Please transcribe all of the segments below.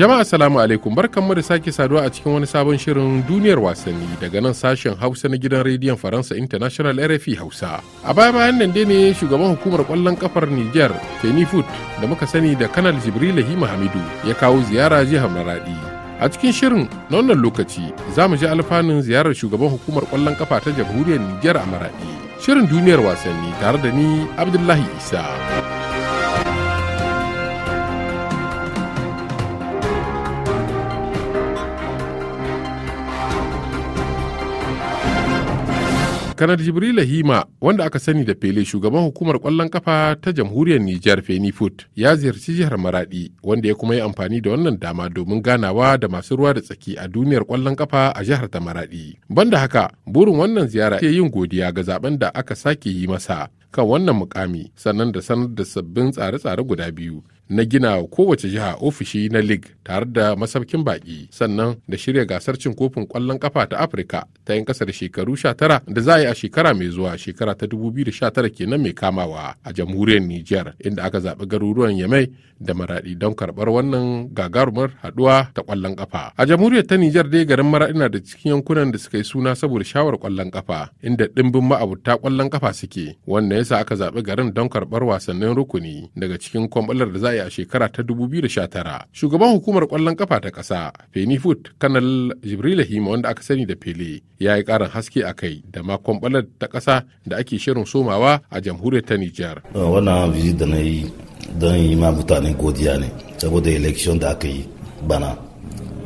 Jama'a salamu alaikum barkanmu da sake saduwa a cikin wani sabon shirin duniyar wasanni daga nan sashen Hausa na gidan rediyon Faransa International RFI Hausa. A baya bayan nan dai ne shugaban hukumar kwallon kafar Niger Kenny Foot da muka sani da Kanal Jibril Hima Hamidu ya kawo ziyara jihar Maradi. A cikin shirin na wannan lokaci za mu ji alfanun ziyarar shugaban hukumar kwallon kafa ta jamhuriyar Niger a Maradi. Shirin duniyar wasanni tare da ni Abdullahi Isa. kanar jibrila hima wanda aka sani da fele shugaban hukumar kwallon kafa ta jamhuriyar nijar fenifut ya ziyarci jihar maradi wanda ya kuma yi amfani da wannan dama domin ganawa da masu ruwa da tsaki a duniyar kwallon kafa a jihar ta maradi banda haka burin wannan ziyara ke yin godiya ga zaben da aka sake yi masa kan wannan mukami sannan da sanar da sabbin tsare-tsare guda biyu na gina kowace jiha ofishi na lig tare da masaukin baki sannan da shirya gasar cin kofin kwallon kafa ta afirka ta yin kasar shekaru 19 da za a yi a shekara mai zuwa shekara ta 2019 kenan mai kamawa a jamhuriyar niger inda aka zaɓi garuruwan yamai da maraɗi don karɓar wannan gagarumar haɗuwa ta kwallon kafa a jamhuriyar ta niger dai garin maradi na da cikin yankunan da suka yi suna saboda shawar kwallon kafa inda ɗimbin ma'abuta kwallon kafa suke wannan yasa aka zaɓi garin don karɓar wasannin rukuni daga cikin kwamɓalar da za a a shekara ta 2019 shugaban hukumar kwallon kafa ta ƙasa feni foot kanal jibril hima wanda aka sani da pele ya yi ƙarin haske a kai da makon balar ta kasa da ake shirin somawa a jamhuriyar ta nijar uh, wannan vizit da na yi don yi ma mutane godiya ne saboda election da aka yi bana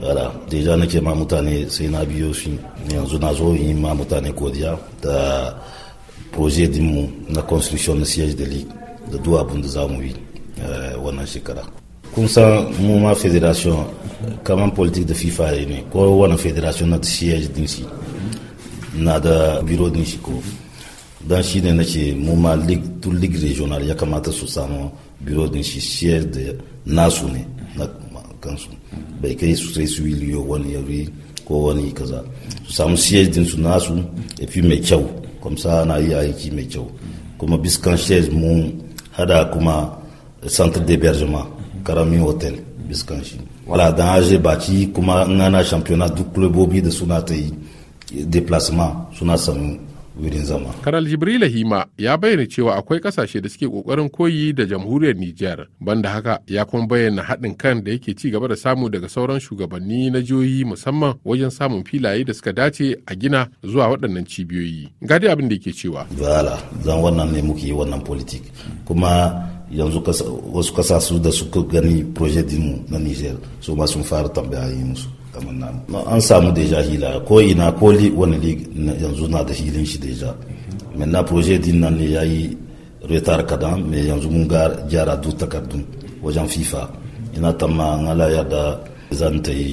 wala deja nake ma mutane sai na biyo shi yanzu na zo yi ma mutane godiya da projet dinmu na construction na siège de ligue da duk abin da za mu yi Eh, wannan shekara kun san mu ma federation kamar politik da fifa ne ko wani federation na siyaj din shi na da biro din shi ko don shi ne na ce mu ma tun league regional ya kamata su samu biro din shi siyaj da nasu ne na kansu bai kai su sai su yi wani yari ko wani kaza su samu siyaj din su nasu ya fi mai kyau kamsa na yi aiki mai kyau kuma biskan siyaj mu hada kuma centre d'hébergement karamin hotel biskan shi wala dan aje baci kuma ngana ana championnat du club da suna ta déplacement suna samu wurin zama karal jibrila hima ya bayyana cewa akwai kasashe da suke kokarin koyi da jamhuriyar nijar banda haka ya kuma bayyana haɗin kan da yake ci gaba da samu daga sauran shugabanni na jihohi musamman wajen samun filaye da suka dace a gina zuwa waɗannan cibiyoyi ga abin da yake cewa zan wannan ne muke wannan politik kuma yanzu wasu kasasu da suka gani projet dinmu na niger su ma sun fara tambaya yi musu kamar na. an samu deja hila ko ina ko wani league yanzu na da hilin shi deja na projet din nan ne yayi retar kadan mai yanzu mun ga gyara duk takardun wajen fifa ina tamma an da. yarda zan ta yi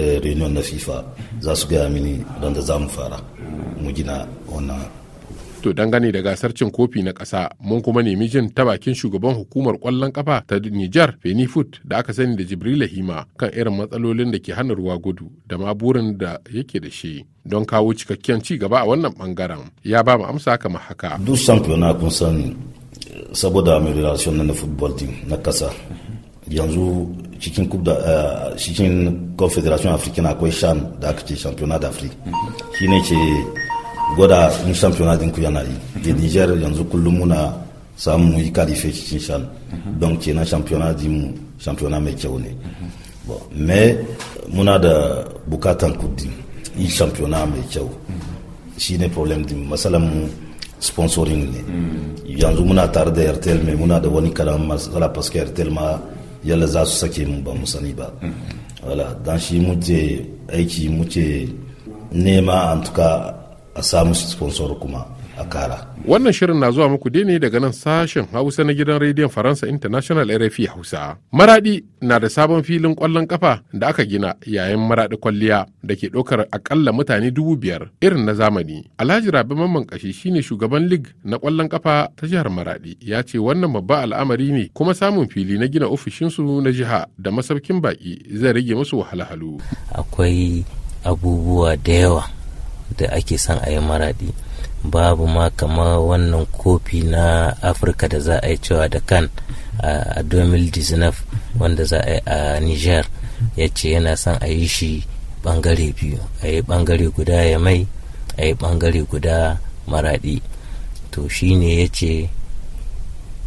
eh, reunion na fifa za su gaya mini don da za mu fara mu gina wannan To dangane da gasar cin kofi na ƙasa mun kuma nemi jin ta bakin shugaban hukumar kwallon ƙafa ta Nijar Benifut da aka sani da Jibril Hima kan irin matsalolin da ke hana ruwa gudu da ma burin da yake da shi. Don kawo cikakken ci gaba a wannan bangaren ya ba mu amsa kama haka. Duk samfiyona kun sani saboda amelioration na football team na ƙasa yanzu cikin eh, cikin confederation africaine akwai shan da aka ce championnat d'afrique mhm. shine ce gwada in championnat din ku yana yi De niger yanzu kullum muna samu mu yi kalife cikin shan mhm. don kenan championnat din mu championnat mai kyau ne mhm. bon muna da bukatan kudi yi championnat mai kyau mhm. ne problem din masalan mu sponsoring ne yanzu muna tare da airtel mai muna da wani kalan matsala paske airtel ma yalla za su sake mu ba mu sani ba wala dan shi muke aiki muke nema an tuka a samu sponsor kuma a kara. Wannan shirin na zuwa muku ne daga nan sashen Hausa na gidan rediyon Faransa International RFI Hausa. Maradi na da sabon filin kwallon kafa da aka gina yayin maradi kwalliya da ke ɗaukar akalla mutane dubu biyar irin na zamani. Alhaji Rabi Mamman Kashi shine shugaban lig na kwallon kafa ta jihar Maradi ya ce wannan babban al'amari ne kuma samun fili na gina ofishinsu na jiha da masaukin baki zai rage musu wahalhalu. Akwai abubuwa da yawa da ake son a yi maradi babu ma kamar wannan kofi na afirka da za a yi cewa da kan a 2019 wanda za a yi a niger ya ce yana son a yi shi bangare biyu a yi bangare guda ya mai a yi bangare guda maradi to shine ya ce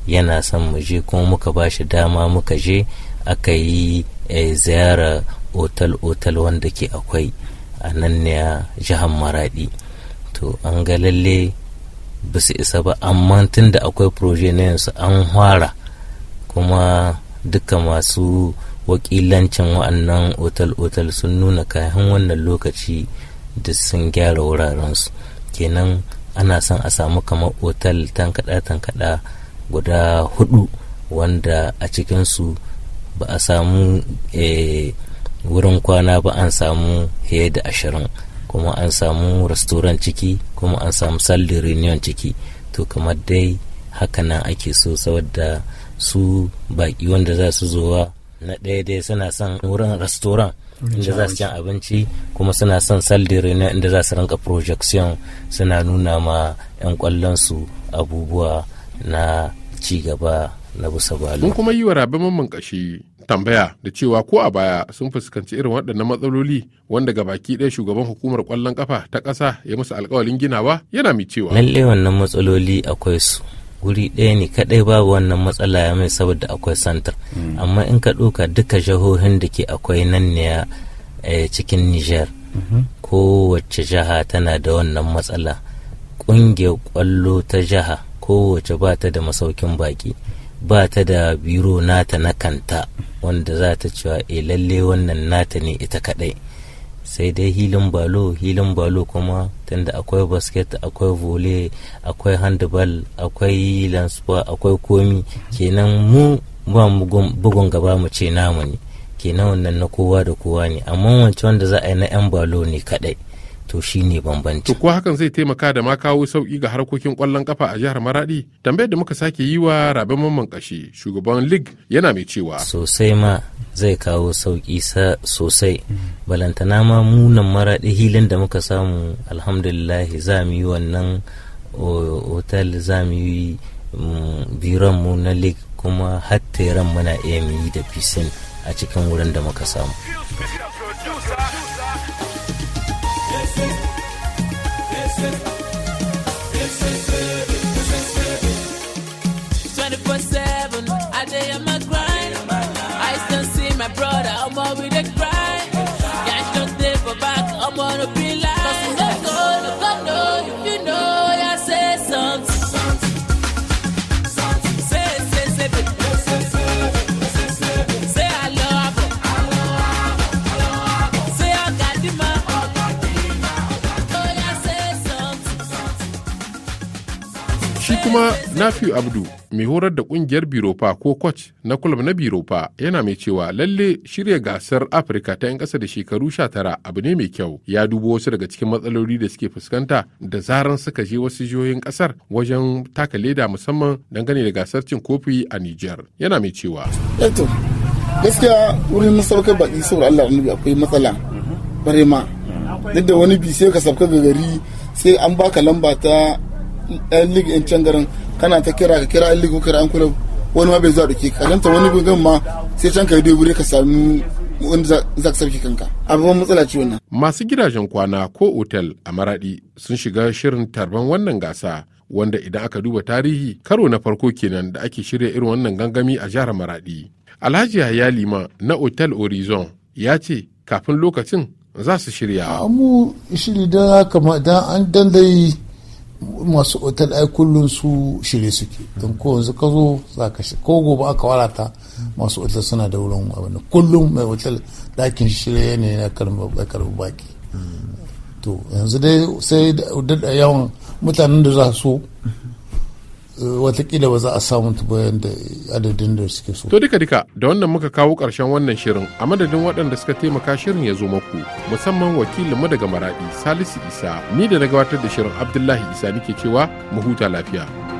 yana son mu je kuma muka ba shi dama muka je aka yi eh, ziyara otal-otal wanda ke akwai a nan ne a jihar maradi to an ga lalle ba su isa ba amma tun da akwai proje na yanzu an hwara kuma duka masu wakilancin wa'annan otal-otal sun nuna kayan wannan lokaci da sun gyara wurarensu kenan ana son a samu kamar otal tankada-tankada guda hudu wanda a cikinsu ba a samu eh, wurin kwana ba an samu fiye da ashirin kuma an samu restoran ciki kuma an samu salli reunion ciki to kamar dai haka nan ake so saboda su baki wanda za su zowa na ɗaya dai suna son wurin restoran inda za su cin abinci kuma suna son saldi reunion inda za su rinka projection suna nuna ma 'yan kwallon su abubuwa na ci gaba na bisa gwali. Mun kuma yi wa rabe mamman kashi tambaya da cewa ko a baya sun fuskanci irin waɗannan matsaloli wanda ga baki ɗaya shugaban hukumar ƙwallon kafa ta ƙasa ya musu alƙawalin ginawa yana mai cewa. Lallai wannan matsaloli akwai su. Guri ɗaya ne kaɗai babu wannan matsala ya mai saboda akwai santar. Hmm. Amma in ka ɗauka duka jihohin da ke akwai nan ne eh, cikin Nijar. Mhm. Kowace jiha tana da wannan matsala. Ƙungiyar ƙwallo ta jiha kowace ba ta da masaukin baƙi. ba ta da biro nata na kanta wanda za ta cewa e lalle wannan nata ne ita kadai sai dai hilin balo hilin balo kuma tunda akwai basket akwai vole akwai handball akwai spa akwai komi kenan mu ba bugun gaba mu ce namu ne kenan wannan na kowa da kowa ne amma wancan wanda za a yi na 'yan balo ne kadai to shine bambanci. To ko hakan zai taimaka da ma kawo sauki ga harkokin kwallon kafa a jihar maraɗi Tambayar da muka sake yi wa Rabe Mamman Kashi shugaban lig yana mai cewa. Sosai ma zai kawo sauƙi sa sosai. Balantana ma munan maraɗi hilin da muka samu alhamdulillah za mu yi wannan otal za mu yi mm, biran mu na lig kuma hatta har muna iya muyi yi da fisin a cikin wurin da muka samu. kuma Nafiu Abdu mai horar da kungiyar biropa ko coach na kulub na biropa yana mai cewa lalle shirya gasar Afirka ta 'yan ƙasa da shekaru 19 abu ne mai kyau. Ya dubo wasu daga cikin matsaloli da suke fuskanta da zaran suka je wasu jihohin ƙasar wajen taka leda musamman dangane da gasar cin kofi a Nijar. Yana mai cewa. Eto, gaskiya wurin masaukar baki saboda Allah akwai matsala. barema Duk da wani bi sai ka sabka ga gari sai an baka lamba ta yan league in can garin kana ta kira ka kira yan league ko kira yan club wani ma bai zuwa dake ka ganta wani bugun ma sai can ka yi ne ka sami wani za ka sauke kanka abubuwan matsala ce wannan masu gidajen kwana ko otal a maradi sun shiga shirin tarban wannan gasa wanda idan aka duba tarihi karo na farko kenan da ake shirya irin wannan gangami a jihar maradi alhaji ya lima na otal horizon ya ce kafin lokacin za su shirya mu shiri da haka da an dandai masu otal ai kullun su shirye suke don ko yanzu ka zo za ka shi ko gobe aka warata masu otal suna da wurin abin kullun mai otal dakin shirye ne na karbar baki to yanzu dai sai da yawan mutanen da za su watakila ba za a samu bayan da adadin da suke so. To duka duka da wannan muka kawo ƙarshen wannan shirin a madadin waɗanda suka taimaka shirin ya zo maku musamman wakilinmu daga Maradi Salisu Isa ni da na gabatar da shirin Abdullahi Isa nike cewa mu huta lafiya.